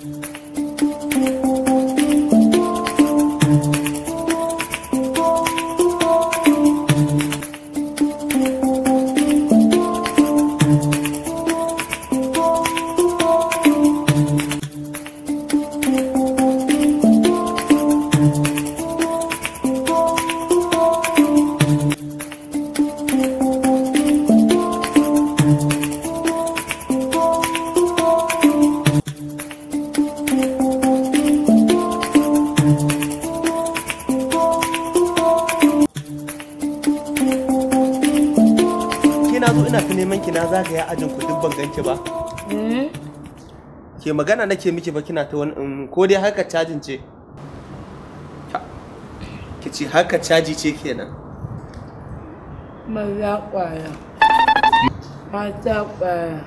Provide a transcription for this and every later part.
Thank you. na zo ina ta neman ki na zagaya ajin ku duk ban ganki ba hmm? ke magana nake miki ba kina ta wani um, ko dai haka cajin ce ki ce haka caji ce kenan maza kwaya mata kwaya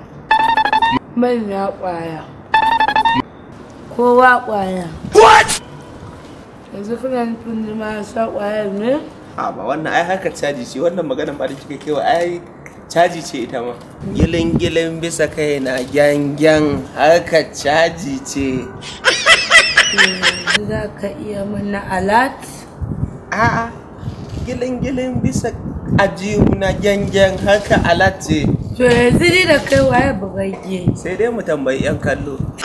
manya kwaya kowa kwaya what yanzu kuna nufin ma sa kwayar ne a ba wannan ai haka caji ce wannan magana ba da kika kewa ai caji ce ita ma gilin-gilin bisa kai na gyangyan harka caji ce za ka iya mana alat a'a gilin-gilin bisa ajiyu na gyangyan harka alat ce to yanzu da kai waye bugagge sai dai mu tambayi 'yan kallo